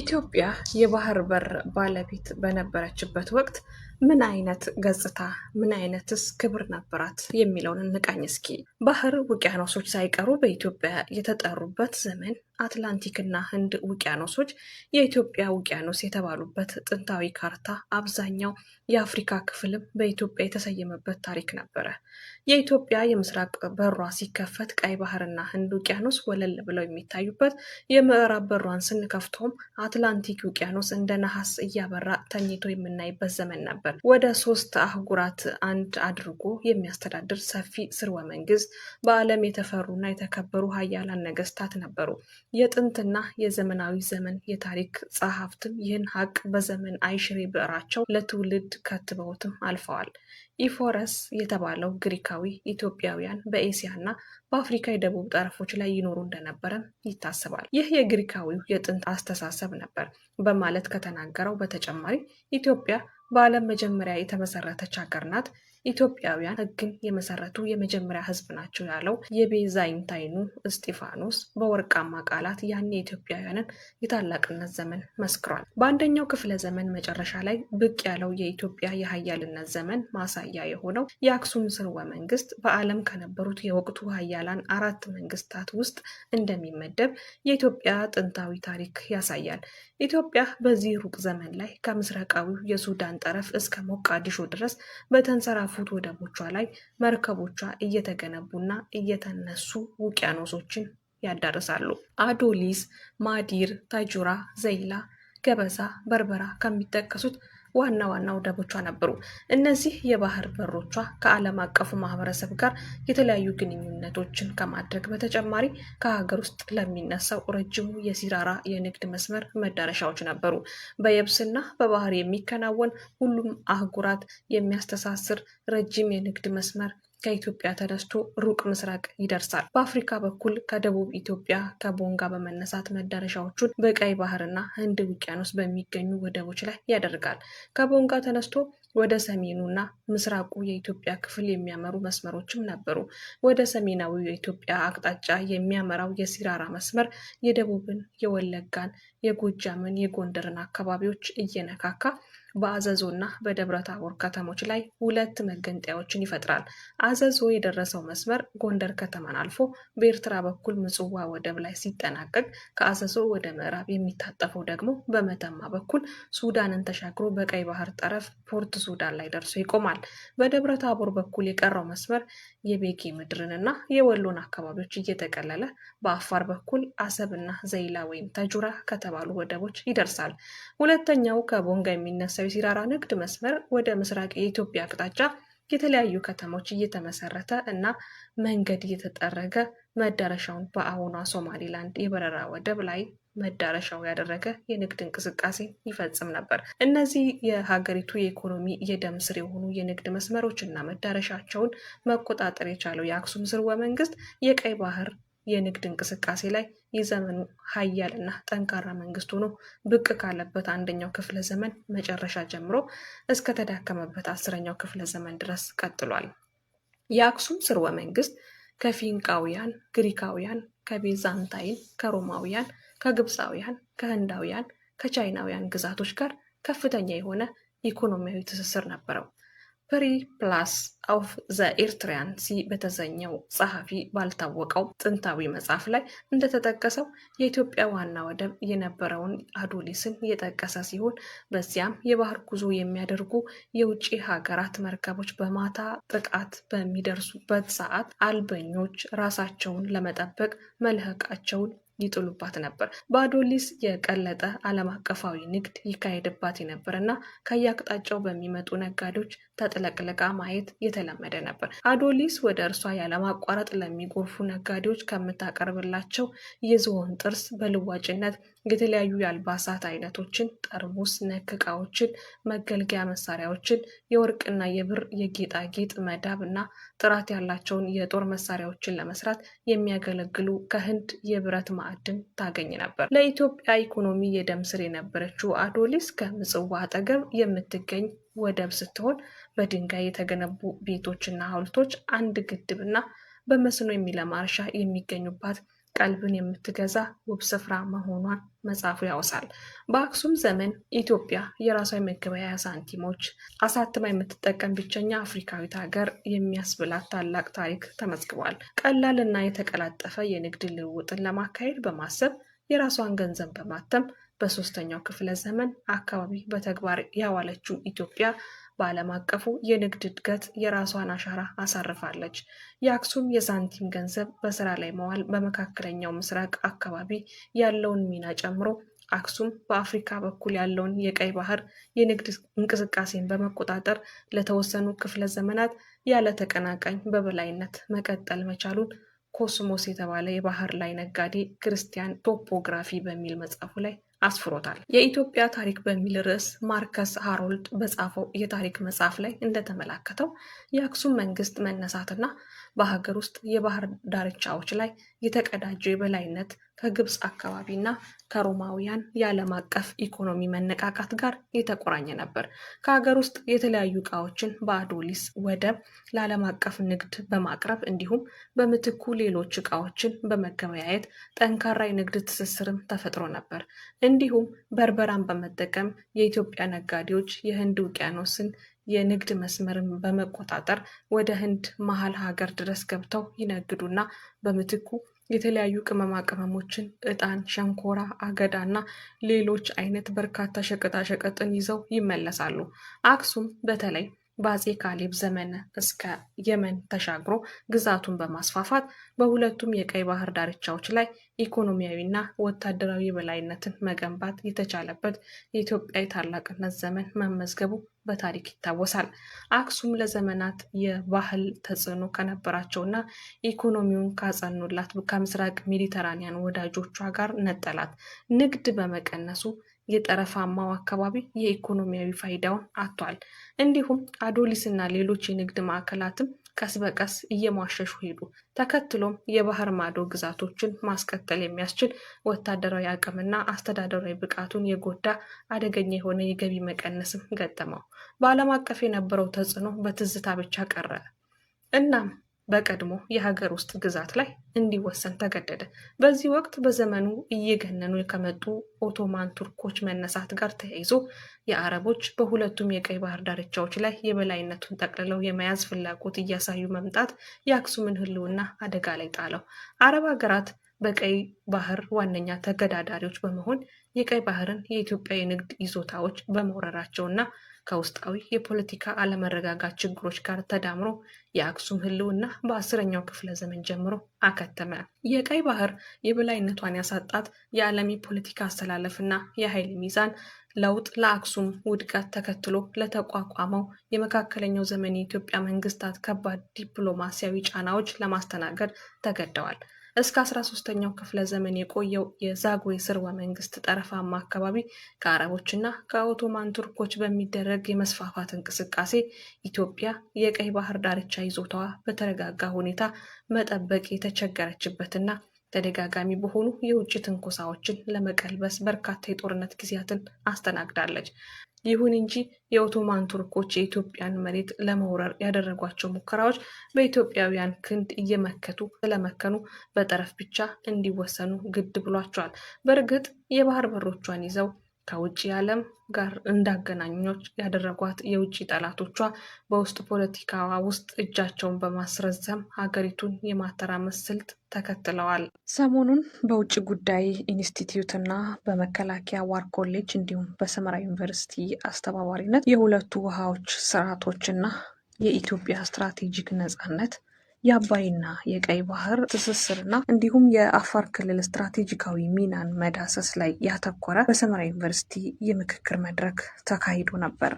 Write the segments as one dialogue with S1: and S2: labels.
S1: ኢትዮጵያ የባህር በር ባለቤት በነበረችበት ወቅት ምን አይነት ገጽታ ምን አይነትስ ክብር ነበራት የሚለውን እንቃኝ እስኪ። ባህር ውቅያኖሶች ሳይቀሩ በኢትዮጵያ የተጠሩበት ዘመን አትላንቲክና ህንድ ውቅያኖሶች የኢትዮጵያ ውቅያኖስ የተባሉበት ጥንታዊ ካርታ አብዛኛው የአፍሪካ ክፍልም በኢትዮጵያ የተሰየመበት ታሪክ ነበረ። የኢትዮጵያ የምስራቅ በሯ ሲከፈት ቀይ ባህርና ህንድ ውቅያኖስ ወለል ብለው የሚታዩበት፣ የምዕራብ በሯን ስንከፍቶም አትላንቲክ ውቅያኖስ እንደ ነሐስ እያበራ ተኝቶ የምናይበት ዘመን ነበር። ወደ ሶስት አህጉራት አንድ አድርጎ የሚያስተዳድር ሰፊ ስርወ መንግስት፣ በዓለም የተፈሩና የተከበሩ ሀያላን ነገስታት ነበሩ። የጥንትና የዘመናዊ ዘመን የታሪክ ጸሐፍትም ይህን ሀቅ በዘመን አይሽሬ ብዕራቸው ለትውልድ ከትበውትም አልፈዋል። ኢፎረስ የተባለው ግሪካዊ ኢትዮጵያውያን በኤስያ እና በአፍሪካ የደቡብ ጠረፎች ላይ ይኖሩ እንደነበረ ይታሰባል። ይህ የግሪካዊው የጥንት አስተሳሰብ ነበር በማለት ከተናገረው በተጨማሪ ኢትዮጵያ በዓለም መጀመሪያ የተመሰረተች ሀገር ናት። ኢትዮጵያውያን ሕግን የመሰረቱ የመጀመሪያ ሕዝብ ናቸው ያለው የቤዛይንታይኑ እስጢፋኖስ በወርቃማ ቃላት ያኔ ኢትዮጵያውያንን የታላቅነት ዘመን መስክሯል። በአንደኛው ክፍለ ዘመን መጨረሻ ላይ ብቅ ያለው የኢትዮጵያ የሀያልነት ዘመን ማሳያ የሆነው የአክሱም ስርወ መንግስት በዓለም ከነበሩት የወቅቱ ሀያላን አራት መንግስታት ውስጥ እንደሚመደብ የኢትዮጵያ ጥንታዊ ታሪክ ያሳያል። ኢትዮጵያ በዚህ ሩቅ ዘመን ላይ ከምስራቃዊው የሱዳን ጠረፍ እስከ ሞቃዲሾ ድረስ በተንሰራ። ካለፉት ወደቦቿ ላይ መርከቦቿ እየተገነቡና እየተነሱ ውቅያኖሶችን ያዳርሳሉ። አዶሊስ፣ ማዲር፣ ታጁራ፣ ዘይላ፣ ገበዛ፣ በርበራ ከሚጠቀሱት ዋና ዋና ወደቦቿ ነበሩ። እነዚህ የባህር በሮቿ ከዓለም አቀፉ ማህበረሰብ ጋር የተለያዩ ግንኙነቶችን ከማድረግ በተጨማሪ ከሀገር ውስጥ ለሚነሳው ረጅሙ የሲራራ የንግድ መስመር መዳረሻዎች ነበሩ። በየብስና በባህር የሚከናወን ሁሉም አህጉራት የሚያስተሳስር ረጅም የንግድ መስመር ከኢትዮጵያ ተነስቶ ሩቅ ምስራቅ ይደርሳል። በአፍሪካ በኩል ከደቡብ ኢትዮጵያ ከቦንጋ በመነሳት መዳረሻዎቹን በቀይ ባህርና ህንድ ውቅያኖስ በሚገኙ ወደቦች ላይ ያደርጋል። ከቦንጋ ተነስቶ ወደ ሰሜኑና ምስራቁ የኢትዮጵያ ክፍል የሚያመሩ መስመሮችም ነበሩ። ወደ ሰሜናዊው የኢትዮጵያ አቅጣጫ የሚያመራው የሲራራ መስመር የደቡብን፣ የወለጋን፣ የጎጃምን፣ የጎንደርን አካባቢዎች እየነካካ በአዘዞ እና በደብረ ታቦር ከተሞች ላይ ሁለት መገንጠያዎችን ይፈጥራል። አዘዞ የደረሰው መስመር ጎንደር ከተማን አልፎ በኤርትራ በኩል ምጽዋ ወደብ ላይ ሲጠናቀቅ፣ ከአዘዞ ወደ ምዕራብ የሚታጠፈው ደግሞ በመተማ በኩል ሱዳንን ተሻግሮ በቀይ ባህር ጠረፍ ፖርት ሱዳን ላይ ደርሶ ይቆማል። በደብረ ታቦር በኩል የቀረው መስመር የቤጌ ምድርንና የወሎን አካባቢዎች እየጠቀለለ በአፋር በኩል አሰብና ዘይላ ወይም ተጁራ ከተባሉ ወደቦች ይደርሳል። ሁለተኛው ከቦንጋ የሚነሳ ሲራራ ንግድ መስመር ወደ ምስራቅ የኢትዮጵያ አቅጣጫ የተለያዩ ከተሞች እየተመሰረተ እና መንገድ እየተጠረገ መዳረሻውን በአሁኗ ሶማሊላንድ የበረራ ወደብ ላይ መዳረሻው ያደረገ የንግድ እንቅስቃሴ ይፈጽም ነበር። እነዚህ የሀገሪቱ የኢኮኖሚ የደም ስር የሆኑ የንግድ መስመሮች እና መዳረሻቸውን መቆጣጠር የቻለው የአክሱም ስርወ መንግስት የቀይ ባህር የንግድ እንቅስቃሴ ላይ የዘመኑ ሀያልና ጠንካራ መንግስት ሆኖ ብቅ ካለበት አንደኛው ክፍለ ዘመን መጨረሻ ጀምሮ እስከተዳከመበት አስረኛው ክፍለ ዘመን ድረስ ቀጥሏል። የአክሱም ስርወ መንግስት ከፊንቃውያን፣ ግሪካውያን፣ ከቤዛንታይን፣ ከሮማውያን፣ ከግብፃውያን፣ ከህንዳውያን፣ ከቻይናውያን ግዛቶች ጋር ከፍተኛ የሆነ ኢኮኖሚያዊ ትስስር ነበረው። ፍሪ ፕላስ ኦፍ ዘ ኤርትሪያን ሲ በተሰኘው ጸሐፊ ባልታወቀው ጥንታዊ መጽሐፍ ላይ እንደተጠቀሰው የኢትዮጵያ ዋና ወደብ የነበረውን አዶሊስን የጠቀሰ ሲሆን በዚያም የባህር ጉዞ የሚያደርጉ የውጭ ሀገራት መርከቦች በማታ ጥቃት በሚደርሱበት ሰዓት አልበኞች ራሳቸውን ለመጠበቅ መልህቃቸውን ይጥሉባት ነበር። በአዶሊስ የቀለጠ ዓለም አቀፋዊ ንግድ ይካሄድባት የነበር እና ከየአቅጣጫው በሚመጡ ነጋዴዎች ተጥለቅልቃ ማየት የተለመደ ነበር። አዶሊስ ወደ እርሷ ያለማቋረጥ ለሚጎርፉ ነጋዴዎች ከምታቀርብላቸው የዝሆን ጥርስ በልዋጭነት የተለያዩ የአልባሳት አይነቶችን፣ ጠርሙስ ነክ ዕቃዎችን፣ መገልገያ መሳሪያዎችን፣ የወርቅና የብር የጌጣጌጥ መዳብ እና ጥራት ያላቸውን የጦር መሳሪያዎችን ለመስራት የሚያገለግሉ ከህንድ የብረት ማዕድን ታገኝ ነበር። ለኢትዮጵያ ኢኮኖሚ የደም ስር የነበረችው አዶሊስ ከምጽዋ አጠገብ የምትገኝ ወደብ ስትሆን በድንጋይ የተገነቡ ቤቶችና ሐውልቶች፣ አንድ ግድብ ና በመስኖ የሚለማ እርሻ የሚገኙባት ቀልብን የምትገዛ ውብ ስፍራ መሆኗን መጽሐፉ ያወሳል። በአክሱም ዘመን ኢትዮጵያ የራሷ የመገበያያ ሳንቲሞች አሳትማ የምትጠቀም ብቸኛ አፍሪካዊት ሀገር የሚያስብላት ታላቅ ታሪክ ተመዝግቧል። ቀላልና የተቀላጠፈ የንግድ ልውውጥን ለማካሄድ በማሰብ የራሷን ገንዘብ በማተም በሶስተኛው ክፍለ ዘመን አካባቢ በተግባር ያዋለችው ኢትዮጵያ በዓለም አቀፉ የንግድ እድገት የራሷን አሻራ አሳርፋለች። የአክሱም የሳንቲም ገንዘብ በስራ ላይ መዋል በመካከለኛው ምስራቅ አካባቢ ያለውን ሚና ጨምሮ አክሱም በአፍሪካ በኩል ያለውን የቀይ ባህር የንግድ እንቅስቃሴን በመቆጣጠር ለተወሰኑ ክፍለ ዘመናት ያለ ተቀናቃኝ በበላይነት መቀጠል መቻሉን ኮስሞስ የተባለ የባህር ላይ ነጋዴ ክርስቲያን ቶፖግራፊ በሚል መጽሐፉ ላይ አስፍሮታል። የኢትዮጵያ ታሪክ በሚል ርዕስ ማርከስ ሃሮልድ በጻፈው የታሪክ መጽሐፍ ላይ እንደተመላከተው የአክሱም መንግስት መነሳትና በሀገር ውስጥ የባህር ዳርቻዎች ላይ የተቀዳጀ የበላይነት ከግብፅ አካባቢ ከሮማውያን የዓለም አቀፍ ኢኮኖሚ መነቃቃት ጋር የተቆራኘ ነበር። ከሀገር ውስጥ የተለያዩ እቃዎችን በአዶሊስ ወደብ ለዓለም አቀፍ ንግድ በማቅረብ እንዲሁም በምትኩ ሌሎች እቃዎችን በመገበያየት ጠንካራ የንግድ ትስስርም ተፈጥሮ ነበር። እንዲሁም በርበራን በመጠቀም የኢትዮጵያ ነጋዴዎች የህንድ ውቅያኖስን የንግድ መስመርን በመቆጣጠር ወደ ህንድ መሀል ሀገር ድረስ ገብተው ይነግዱና በምትኩ የተለያዩ ቅመማ ቅመሞችን፣ ዕጣን፣ ሸንኮራ አገዳ እና ሌሎች አይነት በርካታ ሸቀጣሸቀጥን ይዘው ይመለሳሉ። አክሱም በተለይ በአጼ ካሌብ ዘመነ እስከ የመን ተሻግሮ ግዛቱን በማስፋፋት በሁለቱም የቀይ ባህር ዳርቻዎች ላይ ኢኮኖሚያዊና ወታደራዊ የበላይነትን መገንባት የተቻለበት የኢትዮጵያ የታላቅነት ዘመን መመዝገቡ በታሪክ ይታወሳል። አክሱም ለዘመናት የባህል ተጽዕኖ ከነበራቸውና ኢኮኖሚውን ካጸኑላት ከምስራቅ ሜዲተራኒያን ወዳጆቿ ጋር ነጠላት። ንግድ በመቀነሱ የጠረፋማው አካባቢ የኢኮኖሚያዊ ፋይዳውን አጥቷል። እንዲሁም አዶሊስና ሌሎች የንግድ ማዕከላትም ቀስ በቀስ እየሟሸሹ ሄዱ። ተከትሎም የባህር ማዶ ግዛቶችን ማስቀጠል የሚያስችል ወታደራዊ አቅምና አስተዳደራዊ ብቃቱን የጎዳ አደገኛ የሆነ የገቢ መቀነስም ገጠመው። በዓለም አቀፍ የነበረው ተጽዕኖ በትዝታ ብቻ ቀረ። እናም በቀድሞ የሀገር ውስጥ ግዛት ላይ እንዲወሰን ተገደደ። በዚህ ወቅት በዘመኑ እየገነኑ ከመጡ ኦቶማን ቱርኮች መነሳት ጋር ተያይዞ የአረቦች በሁለቱም የቀይ ባህር ዳርቻዎች ላይ የበላይነቱን ጠቅልለው የመያዝ ፍላጎት እያሳዩ መምጣት የአክሱምን ሕልውና አደጋ ላይ ጣለው። አረብ ሀገራት በቀይ ባህር ዋነኛ ተገዳዳሪዎች በመሆን የቀይ ባህርን የኢትዮጵያ የንግድ ይዞታዎች በመውረራቸውና ከውስጣዊ የፖለቲካ አለመረጋጋት ችግሮች ጋር ተዳምሮ የአክሱም ህልውና በአስረኛው ክፍለ ዘመን ጀምሮ አከተመ። የቀይ ባህር የበላይነቷን ያሳጣት የዓለም የፖለቲካ አስተላለፍና የኃይል ሚዛን ለውጥ ለአክሱም ውድቀት ተከትሎ ለተቋቋመው የመካከለኛው ዘመን የኢትዮጵያ መንግስታት ከባድ ዲፕሎማሲያዊ ጫናዎች ለማስተናገድ ተገደዋል። እስከ 13ኛው ክፍለ ዘመን የቆየው የዛጉዌ ስርወ መንግስት ጠረፋማ አካባቢ ከአረቦችና ከኦቶማን ቱርኮች በሚደረግ የመስፋፋት እንቅስቃሴ ኢትዮጵያ የቀይ ባህር ዳርቻ ይዞታዋ በተረጋጋ ሁኔታ መጠበቅ የተቸገረችበትና ተደጋጋሚ በሆኑ የውጭ ትንኮሳዎችን ለመቀልበስ በርካታ የጦርነት ጊዜያትን አስተናግዳለች። ይሁን እንጂ የኦቶማን ቱርኮች የኢትዮጵያን መሬት ለመውረር ያደረጓቸው ሙከራዎች በኢትዮጵያውያን ክንድ እየመከቱ ስለመከኑ በጠረፍ ብቻ እንዲወሰኑ ግድ ብሏቸዋል። በእርግጥ የባህር በሮቿን ይዘው ከውጭ ዓለም ጋር እንዳገናኞች ያደረጓት የውጭ ጠላቶቿ በውስጥ ፖለቲካዋ ውስጥ እጃቸውን በማስረዘም ሀገሪቱን የማተራመስ ስልት ተከትለዋል። ሰሞኑን በውጭ ጉዳይ ኢንስቲትዩት እና በመከላከያ ዋር ኮሌጅ እንዲሁም በሰመራ ዩኒቨርሲቲ አስተባባሪነት የሁለቱ ውሃዎች ስርዓቶች እና የኢትዮጵያ ስትራቴጂክ ነጻነት የአባይና የቀይ ባህር ትስስርና እንዲሁም የአፋር ክልል ስትራቴጂካዊ ሚናን መዳሰስ ላይ ያተኮረ በሰመራ ዩኒቨርሲቲ የምክክር መድረክ ተካሂዶ ነበር።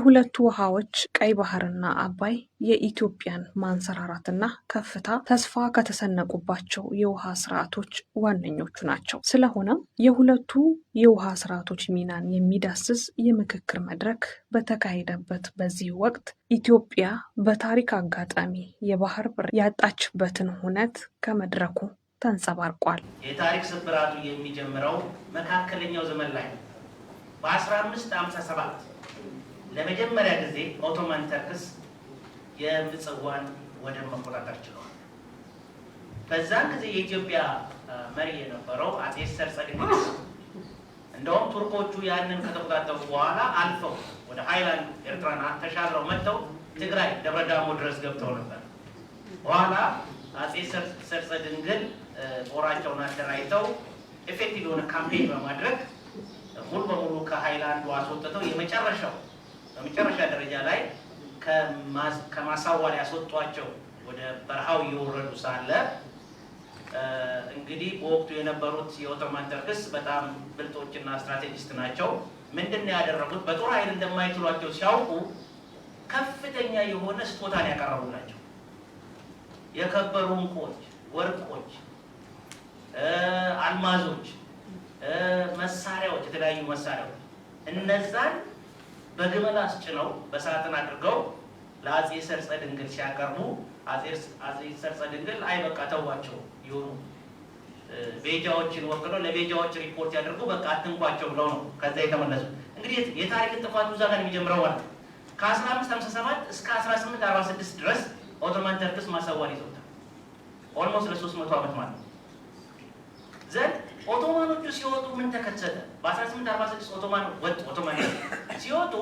S1: የሁለቱ ውሃዎች ቀይ ባህርና አባይ የኢትዮጵያን ማንሰራራትና ከፍታ ተስፋ ከተሰነቁባቸው የውሃ ስርዓቶች ዋነኞቹ ናቸው። ስለሆነም የሁለቱ የውሃ ስርዓቶች ሚናን የሚዳስስ የምክክር መድረክ በተካሄደበት በዚህ ወቅት ኢትዮጵያ በታሪክ አጋጣሚ የባህር በር ያጣችበትን ሁነት ከመድረኩ ተንጸባርቋል።
S2: የታሪክ ስብራቱ የሚጀምረው መካከለኛው ዘመን ላይ በ1557 ለመጀመሪያ ጊዜ ኦቶማን ተርክስ የምጽዋን ወደብ መቆጣጠር ችለዋል። በዛን ጊዜ የኢትዮጵያ መሪ የነበረው አጼ ሰርፀልጅ እንደውም ቱርኮቹ ያንን ከተቆጣጠሩ በኋላ አልፈው ወደ ሀይላንድ ኤርትራን ተሻግረው መጥተው ትግራይ ደብረዳሞ ድረስ ገብተው ነበር። በኋላ አጼ ሰርፀ ድንግል ጦራቸውን አደራጅተው ኤፌክቲቭ የሆነ ካምፔን በማድረግ ሙሉ በሙሉ ከሀይላንዱ አስወጥተው የመጨረሻው በመጨረሻ ደረጃ ላይ ከማሳዋል ያስወጧቸው ወደ በረሃው እየወረዱ ሳለ እንግዲህ በወቅቱ የነበሩት የኦቶማን ተርክስ በጣም ብልጦችና ስትራቴጂስት ናቸው። ምንድን ነው ያደረጉት? በጦር ኃይል እንደማይችሏቸው ሲያውቁ ከፍተኛ የሆነ ስጦታን ያቀረቡ ናቸው። የከበሩ እንቁዎች፣ ወርቆች፣ አልማዞች፣ መሳሪያዎች፣ የተለያዩ መሳሪያዎች እነዛን በግመል አስጭነው በሳጥን አድርገው ለአጼ ሰርጸ ድንግል ሲያቀርቡ አጼ ሰርጸ ድንግል አይ በቃ ተዋቸው የሆኑ ቤጃዎችን ወክለው ለቤጃዎች ሪፖርት ያደርጉ በቃ አትንኳቸው ብለው ነው ከዛ የተመለሱ። እንግዲህ የታሪክ ጥፋቱ እዛ ጋር የሚጀምረው ማለት ከ1557 እስከ 1846 ድረስ ኦቶማን ተርክስ ማሰዋን ይዘውታል። ኦልሞስት ለ300 ዓመት ማለት ነው ዘንድ ኦቶማኖቹ ሲወጡ ምን ተከሰተ? በ1846 ኦቶማን ወጡ። ኦቶማን ሲወጡ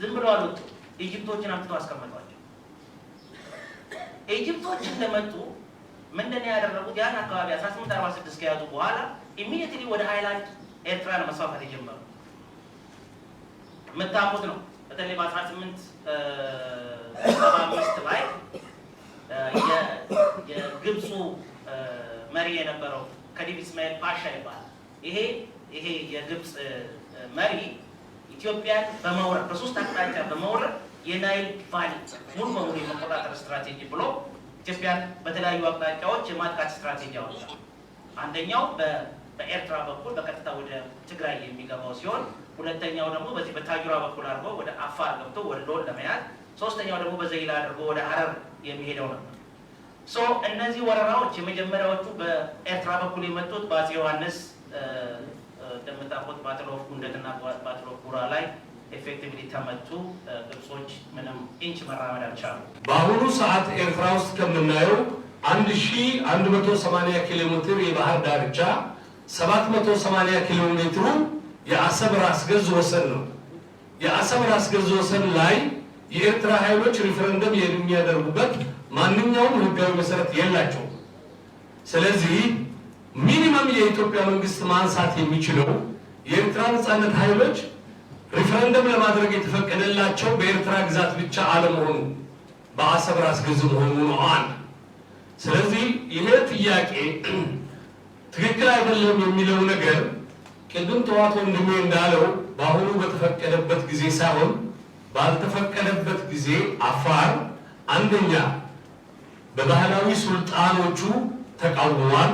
S2: ዝም ብለው አልወጡም። ኢጅፕቶችን አምጥተው አስቀመጧቸው። ኢጅፕቶች እንደመጡ ምንድን ያደረጉት ያን አካባቢ 1846 ከያዙ በኋላ ኢሚዲየትሊ ወደ ሃይላንድ ኤርትራ መስፋፋት የጀመሩ የምታውቁት ነው። በተለይ በ1875 ላይ የግብፁ መሪ የነበረው ከዲብ እስማኤል ፓሻ ይባላል። ይሄ ይሄ የግብፅ መሪ ኢትዮጵያን በመውረር በሶስት አቅጣጫ በመውረር የናይል ቫሊ ሙሉ በሙሉ የመቆጣጠር ስትራቴጂ ብሎ ኢትዮጵያን በተለያዩ አቅጣጫዎች የማጥቃት ስትራቴጂ አወጣ። አንደኛው በኤርትራ በኩል በቀጥታ ወደ ትግራይ የሚገባው ሲሆን ሁለተኛው ደግሞ በዚህ በታጁራ በኩል አድርጎ ወደ አፋር ገብቶ ሎን ለመያዝ፣ ሶስተኛው ደግሞ በዘይላ አድርጎ ወደ ሀረር የሚሄደው ነበር። ሶ እነዚህ ወረራዎች የመጀመሪያዎቹ በኤርትራ በኩል የመጡት በአፄ ዮሐንስ እንደምታውቁት ባትል ኦፍ ጉንደትና ባትል ኦፍ ጉራ ላይ ኤፌክቲቭሊ ተመቱ። ግብጾች ምንም ኢንች መራመድ አልቻሉ።
S3: በአሁኑ ሰዓት ኤርትራ ውስጥ ከምናየው ሺ 1180 ኪሎ ሜትር የባህር ዳርቻ 780 ኪሎ ሜትሩ የአሰብ ራስ ገዝ ወሰን ነው። የአሰብ ራስ ገዝ ወሰን ላይ የኤርትራ ኃይሎች ሪፈረንደም የሚያደርጉበት ማንኛውም ህጋዊ መሰረት የላቸውም። ስለዚህ ሚኒመም የኢትዮጵያ መንግስት ማንሳት የሚችለው የኤርትራ ነጻነት ኃይሎች ሪፈረንደም ለማድረግ የተፈቀደላቸው በኤርትራ ግዛት ብቻ አለመሆኑ በአሰብ ራስ ገዝ መሆኑ ነው። አንድ ስለዚህ ይሄ ጥያቄ ትክክል አይደለም የሚለው ነገር ቅድም ጠዋት ወንድሜ እንዳለው በአሁኑ በተፈቀደበት ጊዜ ሳይሆን ባልተፈቀደበት ጊዜ አፋር አንደኛ በባህላዊ ሱልጣኖቹ ተቃውመዋል።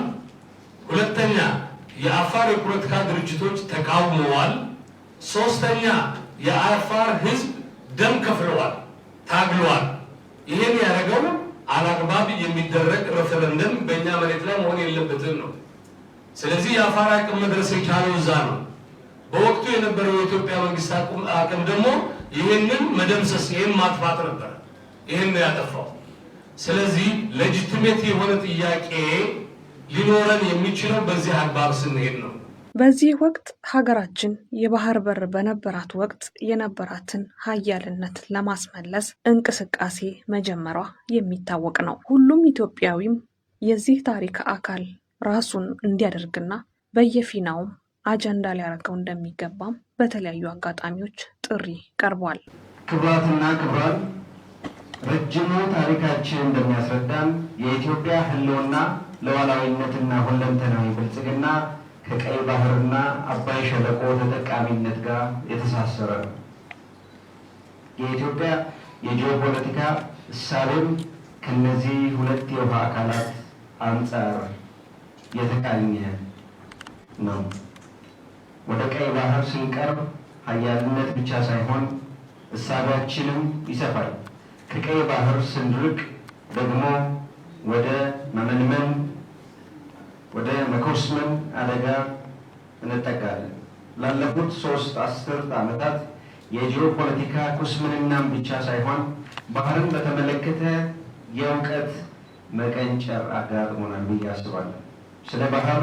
S3: ሁለተኛ የአፋር የፖለቲካ ድርጅቶች ተቃውመዋል። ሶስተኛ የአፋር ህዝብ ደም ከፍለዋል፣ ታግለዋል። ይህን ያደረገው አላግባብ የሚደረግ ረፈረንደም በእኛ መሬት ላይ መሆን የለበትም ነው። ስለዚህ የአፋር አቅም መድረስ የቻለው እዛ ነው። በወቅቱ የነበረው የኢትዮጵያ መንግስት አቅም ደግሞ ይህንን መደምሰስ፣ ይህን ማጥፋት ነበር። ይህን ነው ያጠፋው። ስለዚህ ሌጂቲሜት የሆነ ጥያቄ ሊኖረን የሚችለው በዚህ አግባብ ስንሄድ ነው።
S1: በዚህ ወቅት ሀገራችን የባህር በር በነበራት ወቅት የነበራትን ሀያልነት ለማስመለስ እንቅስቃሴ መጀመሯ የሚታወቅ ነው። ሁሉም ኢትዮጵያዊም የዚህ ታሪክ አካል ራሱን እንዲያደርግና በየፊናውም አጀንዳ ሊያደርገው እንደሚገባም በተለያዩ አጋጣሚዎች ጥሪ ቀርቧል።
S4: ክብራትና ክብራት ረጅሙ ታሪካችን እንደሚያስረዳን የኢትዮጵያ ህልውና ለዋላዊነትና ሁለንተናዊ ብልጽግና ከቀይ ባህርና አባይ ሸለቆ ተጠቃሚነት ጋር የተሳሰረ ነው። የኢትዮጵያ የጂኦፖለቲካ እሳቤም ከነዚህ ሁለት የውሃ አካላት አንጻር የተቃኘ ነው። ወደ ቀይ ባህር ስንቀርብ ሀያልነት ብቻ ሳይሆን እሳቢያችንም ይሰፋል። ከቀይ ባህር ስንድርቅ ደግሞ ወደ መመንመን ወደ መኮስመን አደጋ እንጠቃለን። ላለፉት ሶስት አስርት ዓመታት የጂኦፖለቲካ ኩስምንናም ብቻ ሳይሆን ባህርን በተመለከተ የእውቀት መቀንጨር አጋጥሞናል ብዬ አስባለሁ። ስለ ባህር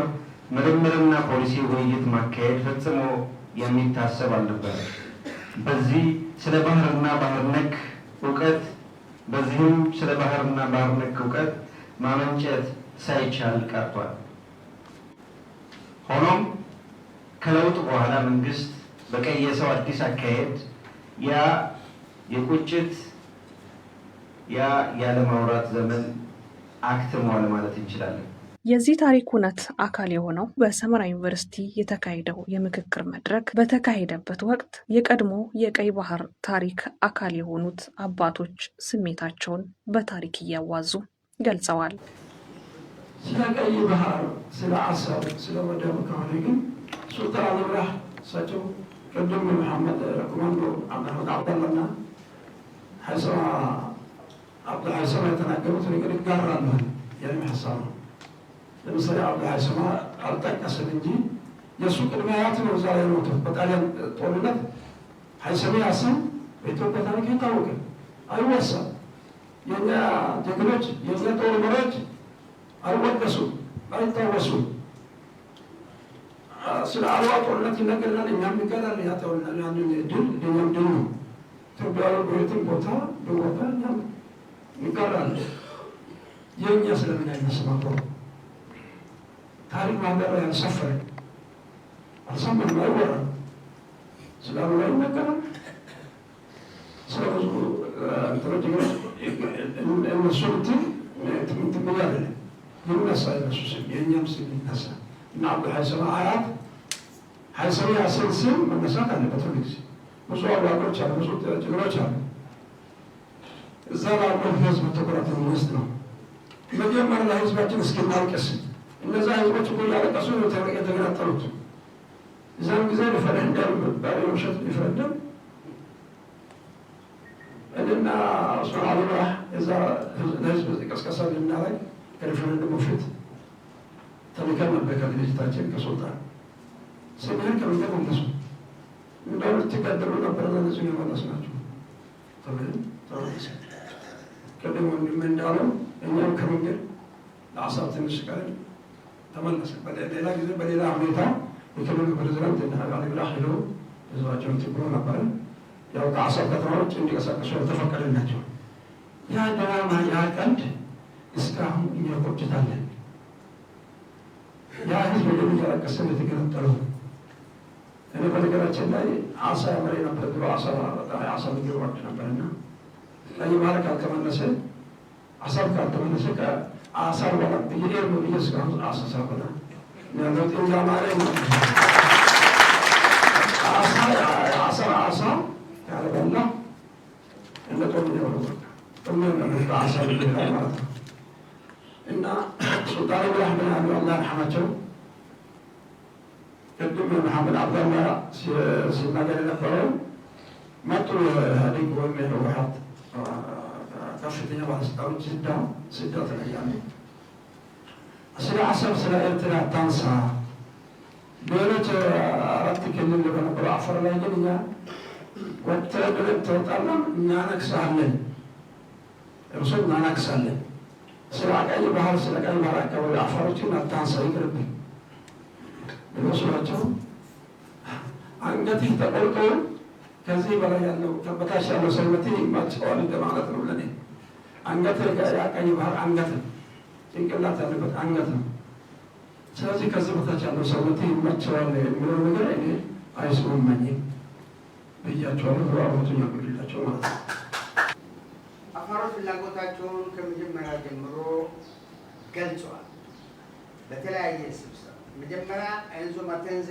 S4: ምርምርና ፖሊሲ ውይይት ማካሄድ ፈጽሞ የሚታሰብ አልነበረ። በዚህ ስለ ባህርና ባህር ነክ እውቀት በዚህም ስለ ባህርና ባህር ነክ እውቀት ማመንጨት ሳይቻል ቀርቷል። ሆኖም ከለውጥ በኋላ መንግስት በቀየሰው አዲስ አካሄድ ያ የቁጭት ያ ያለማውራት ዘመን አክትሟል ማለት እንችላለን።
S1: የዚህ ታሪክ እውነት አካል የሆነው በሰመራ ዩኒቨርሲቲ የተካሄደው የምክክር መድረክ በተካሄደበት ወቅት የቀድሞ የቀይ ባህር ታሪክ አካል የሆኑት አባቶች ስሜታቸውን በታሪክ እያዋዙ ገልጸዋል።
S5: ስለ ቀይ ባህር፣ ስለ አሰብ፣ ስለ ወደብ ከሆነ ግን ሱልጣን አብራህ እሳቸው ቅድም መሐመድ ኮማንዶ አብድ አብዳላና ሀሰማ አብዱ ሀሰማ የተናገሩት ነገር ይጋራለሁ ያም ሀሳብ ነው ለምሳሌ አብርሃ ስማ አልጠቀስም እንጂ የእሱ ቅድመ አያት ነው እዛ ላይ ሞቱ። በጣሊያን ጦርነት ሀይሰሜያ ያስም በኢትዮጵያ ታሪክ ይታወቀ አይወሳም። የእኛ ጀግኖች የእኛ ጦር መሪዎች አይወደሱም፣ አይታወሱም። ስለ አድዋ ጦርነት ይነገርናል፣ እኛም ይገራል። ያተውናል ያን ድል ድኛም ድል ነው። ኢትዮጵያዊ በየትም ቦታ ብንወጣ እኛም ይገላል። የእኛ ስለምን አይነት ስማቶ ታሪክ ማንበብ ያልሰፈረ አልሰማም፣ አይወራም። ስለ አሉ ላይ ይነገራል። ስለ ብዙ እንትኖች እነሱ እንትን እንትን ብዬ ይነሳ የነሱ ስም የእኛም ስም ይነሳ እና አብዱ ሀይሰማ አያት ሀይሰማ ያስን ስም መነሳት አለበት። ሁሉ ብዙ አዋቂዎች አሉ፣ ብዙ ጀግኖች አሉ። እዛ ላሉ ህዝብ ትኩረት ውስጥ ነው መጀመሪያ ለህዝባችን እስኪናልቅስ እነዛ ህዝቦች እኮ እያለቀሱ ነው የተገናጠሉት። እዛም ጊዜ ሪፈረንደም የሚባል የውሸት ሪፈረንደም እኔና ሱራሉላ የዛ ለህዝብ ቅስቀሳ ልናደርግ ከሪፈረንደም ውፊት ተልከን ነበር ከድርጅታችን ከሱልጣን ስምህን ከምተ መለሱ እንደሁም ትገደሉ ነበረ ለነሱ የመለስ ናቸው ተብልን ተመለሰ። ቅድም ወንድሜ እንዳለው እኛም ከመንገድ ለአሳብ ትንሽ ቀን ተመልሰ በሌላ ጊዜ በሌላ ሁኔታ የክልሉ ፕሬዚዳንት አሊ ብላ ሄዶ ህዝባቸውን ትብሎ ነበር። ያው ከአሰብ ከተማ ውጭ እንዲቀሳቀሱ ያልተፈቀደላቸው ያ ድራማ ያ ቀልድ እስካሁን እኛ ቆጭታለን። ያ ህዝብ የሚንቀሳቀስ የተገነጠለው እኔ በነገራችን ላይ አሳ ያመራ ነበር ብሎ አሳ ምግብ ወድ ነበር እና ቀይ ማለት ካልተመለሰ አሳብ ካልተመለሰ አሰራ ብዬ ነው እስካሁን አሰሰራ ነገጡ እንዳማረ ማለት ነው። እና ሱልጣን ብራህምን ያሉ አላ ረሐማቸው ቅድም መሐመድ አብዳማ ሲናገር የነበረው መጡ ኢህአዴግ ወይም ህወሓት ከፍተኛ ባለስልጣኖች ስዳ ስደት ላይ ያሉ ስለ አሰብ ስለ ኤርትራ ታንሳ ሌሎች አራት ክልል በነበረ አፈር ላይ ግን እኛ ወጥተህ ብለን ትወጣላ እናነግስሃለን፣ እርሱ እናነግሳለን። ስለ ቀይ ባህር ስለ ቀይ ባህር አካባቢ አፋሮችን አታንሳ፣ ይቅርብን ብሎስሏቸው አንገትህ ተቆርጦ ከዚህ በላይ ያለው ከበታች ያለው ሰውነቴ ይማቸዋል እንደማለት ነው ለኔ አንገት ቀይ ባህር አንገት ነው። ጭንቅላት ያለበት አንገት ነው። ስለዚህ ከዚህ በታች ያለው ሰውነት ይመቸዋል የሚለው ነገር እኔ አይስማማኝም ብያቸዋለሁ። ብሮአቦቱን ያጎድላቸው ማለት ነው።
S6: አፋሮች ፍላጎታቸውን ከመጀመሪያ ጀምሮ ገልጸዋል። በተለያየ ስብሰባ መጀመሪያ ኤንዞ ማቴንዜ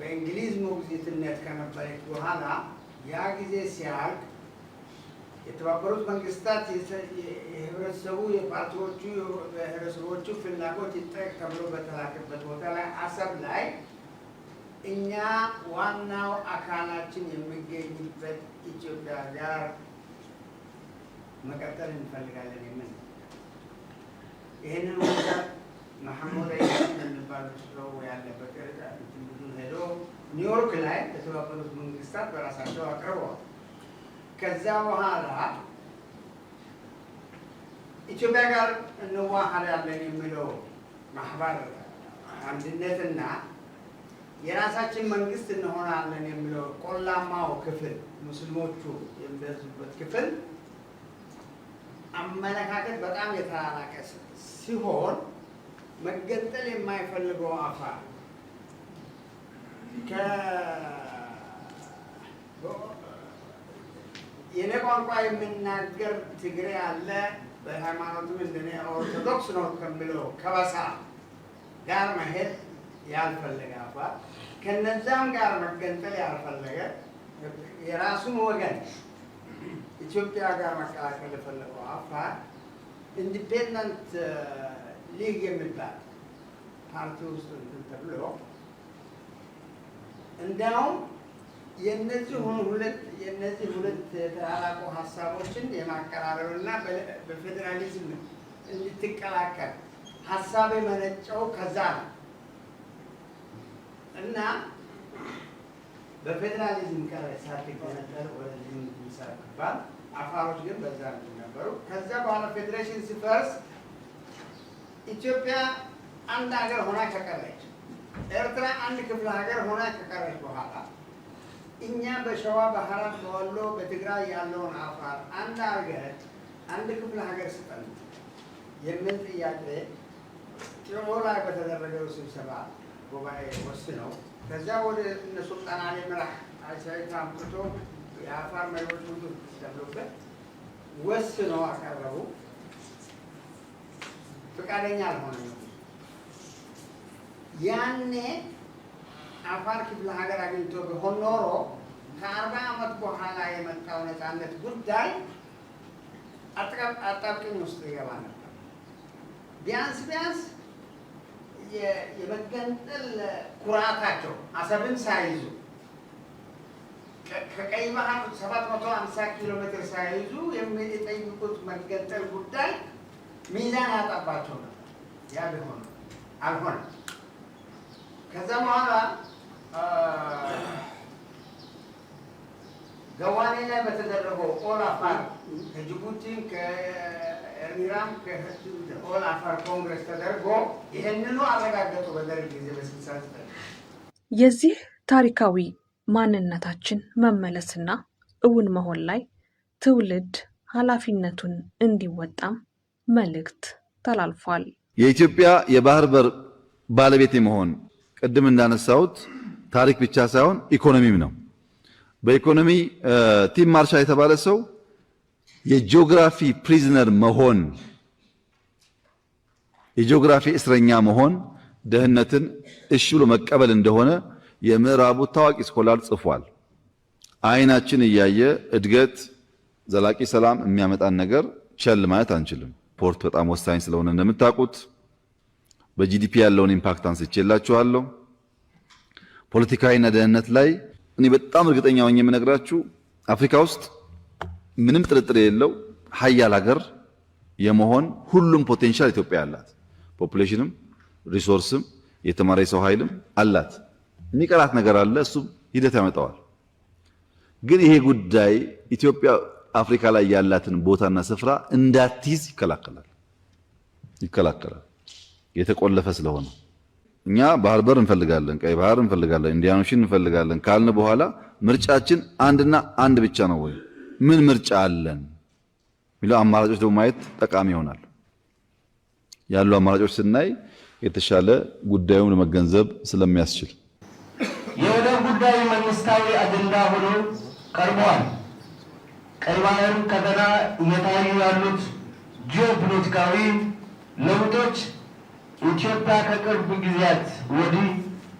S6: በእንግሊዝ ሞግዚትነት ከነበረች በኋላ ያ ጊዜ ሲያልቅ የተባበሩት መንግስታት የህብረተሰቡ የፓርቲዎቹ የህብረተሰቦቹ ፍላጎት ይጠቅ ተብሎ በተላከበት ቦታ ላይ አሰብ ላይ እኛ ዋናው አካላችን የሚገኝበት ኢትዮጵያ ጋር መቀጠል እንፈልጋለን የምን ይህንን ወጣት መሐሙድ የሚባሉ ሰው ያለበት ሄዶ ኒውዮርክ ላይ ለተባበሩት መንግስታት በራሳቸው አቅርበዋል። ከዚያ በኋላ ኢትዮጵያ ጋር እንዋሃዳለን የሚለው ማህበር አንድነትና የራሳችን መንግስት እንሆናለን የሚለው ቆላማው ክፍል ሙስሊሞቹ የሚበዙበት ክፍል አመለካከት በጣም የተላላቀ ሲሆን መገንጠል የማይፈልገው አፋር የኔ ቋንቋ የምናገር ትግሬ አለ። በሃይማኖቱ እንደኔ ኦርቶዶክስ ነው ከሚለው ከበሳ ጋር መሄድ ያልፈለገ አባት ከነዛም ጋር መገንጠል ያልፈለገ የራሱን ወገን ኢትዮጵያ ጋር መቀላቀል የፈለገው አፋር ኢንዲፔንደንት ሊግ የሚባል ፓርቲ ውስጥ እንትን ተብሎ እንዲያውም የነዚህ ሁለት የነዚህ ሁለት የተራራቁ ሀሳቦችን የማቀራረብና በፌዴራሊዝም እንድትቀላቀል ሀሳብ የመነጨው ከዛ ነው እና በፌዴራሊዝም ቀረ ሳትገነጠል ወደዚህ እንድትሰራ ይባል። አፋሮች ግን በዛ ነበሩ። ከዛ በኋላ ፌዴሬሽን ሲፈርስ ኢትዮጵያ አንድ ሀገር ሆና ከቀረች፣ ኤርትራ አንድ ክፍለ ሀገር ሆና ከቀረች በኋላ እኛ በሸዋ በሀረር በወሎ በትግራይ ያለውን አፋር አንድ አርገህ አንድ ክፍለ ሀገር ስጠን የሚል ጥያቄ ጥሮ ላይ በተደረገው ስብሰባ ጉባኤ ወስነው ከዚያ ወደ እነ ሱልጣን አሊ መላህ አይሳይት አምጥቶ የአፋር መሪዎች ሁሉ ተብሎበት ወስነው አቀረቡ። ፈቃደኛ አልሆነ ያኔ አፋር ክፍለ ሀገር አግኝቶ ቢሆን ኖሮ ከአርባ ዓመት በኋላ የመጣው ነፃነት ጉዳይ አጣብቂኝ ውስጥ ይገባ ነበር። ቢያንስ ቢያንስ የመገንጠል ኩራታቸው አሰብን ሳይዙ ከቀይ ባህር 750 ኪሎ ሜትር ሳይዙ የሚጠይቁት መገንጠል ጉዳይ ሚዛን ያጣባቸው ነበር። ያ ቢሆን አልሆነ ከዛ በኋላ ገዋኔ ላይ በተደረገው ኦል አፋር ከጅቡቲም ከኤርሚራም ኦል አፋር ኮንግረስ ተደርጎ ይህንኑ አረጋገጡ። በደርግ ጊዜ
S1: በስልሳ ዘጠኝ የዚህ ታሪካዊ ማንነታችን መመለስና እውን መሆን ላይ ትውልድ ኃላፊነቱን እንዲወጣም መልእክት ተላልፏል።
S7: የኢትዮጵያ የባህር በር ባለቤት የመሆን ቅድም እንዳነሳሁት ታሪክ ብቻ ሳይሆን ኢኮኖሚም ነው። በኢኮኖሚ ቲም ማርሻል የተባለ ሰው የጂኦግራፊ ፕሪዝነር መሆን የጂኦግራፊ እስረኛ መሆን ድህነትን እሽ ብሎ መቀበል እንደሆነ የምዕራቡ ታዋቂ ስኮላር ጽፏል። አይናችን እያየ እድገት፣ ዘላቂ ሰላም የሚያመጣን ነገር ቸል ማለት አንችልም። ፖርት በጣም ወሳኝ ስለሆነ እንደምታውቁት በጂዲፒ ያለውን ኢምፓክት አንስቼላችኋለሁ። ፖለቲካዊና ደህንነት ላይ እኔ በጣም እርግጠኛ ሆኜ የምነግራችሁ አፍሪካ ውስጥ ምንም ጥርጥር የለው ሀያል ሀገር የመሆን ሁሉም ፖቴንሻል ኢትዮጵያ አላት። ፖፑሌሽንም፣ ሪሶርስም፣ የተማረ ሰው ኃይልም አላት። የሚቀራት ነገር አለ፣ እሱም ሂደት ያመጣዋል። ግን ይሄ ጉዳይ ኢትዮጵያ አፍሪካ ላይ ያላትን ቦታና ስፍራ እንዳትይዝ ይከላከላል ይከላከላል የተቆለፈ ስለሆነ እኛ ባህር በር እንፈልጋለን፣ ቀይ ባህር እንፈልጋለን፣ ኢንዲያኖሽን እንፈልጋለን ካልን በኋላ ምርጫችን አንድና አንድ ብቻ ነው ወይ ምን ምርጫ አለን የሚለው አማራጮች ደግሞ ማየት ጠቃሚ ይሆናል። ያሉ አማራጮች ስናይ የተሻለ ጉዳዩን ለመገንዘብ ስለሚያስችል
S8: የወደብ ጉዳይ መንግስታዊ አጀንዳ ሆኖ ቀርቧል። ቀይ ባህር ከገና እየታዩ ያሉት ጂኦፖለቲካዊ ለውጦች ኢትዮጵያ ከቅርብ ጊዜያት ወዲህ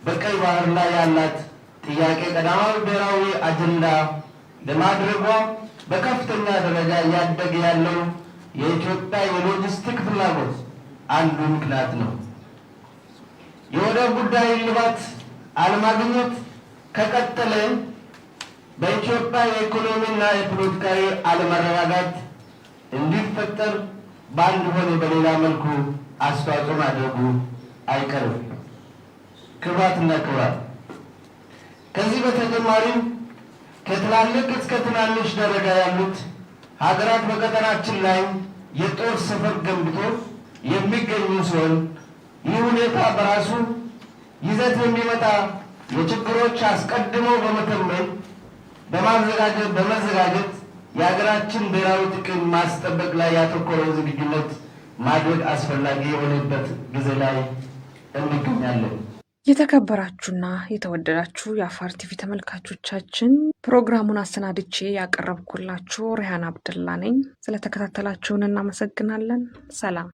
S8: በቀይ ባህር ላይ ያላት ጥያቄ ቀዳማዊ ብሔራዊ አጀንዳ ለማድረጓ በከፍተኛ ደረጃ እያደገ ያለው የኢትዮጵያ የሎጂስቲክ ፍላጎት አንዱ ምክንያት ነው። የወደብ ጉዳይ እልባት አለማግኘት ከቀጠለ በኢትዮጵያ የኢኮኖሚና የፖለቲካዊ አለመረጋጋት እንዲፈጠር በአንድ ሆነ በሌላ መልኩ አስተዋጽኦ ማድረጉ አይቀርም። ክብራትና ክብራት ከዚህ በተጨማሪም ከትላልቅ እስከ ትናንሽ ደረጃ ያሉት ሀገራት በቀጠናችን ላይ የጦር ሰፈር ገንብቶ የሚገኙ ሲሆን ይህ ሁኔታ በራሱ ይዘት የሚመጣ የችግሮች አስቀድሞ በመተመን በማዘጋጀት በመዘጋጀት የሀገራችን ብሔራዊ ጥቅም ማስጠበቅ ላይ ያተኮረው ዝግጁነት ማድረግ አስፈላጊ የሆነበት ጊዜ ላይ እንገኛለን። የተከበራችሁና የተወደዳችሁ የአፋር ቲቪ ተመልካቾቻችን ፕሮግራሙን አሰናድቼ ያቀረብኩላችሁ ሪሃን አብደላ ነኝ። ስለተከታተላችሁን እናመሰግናለን። ሰላም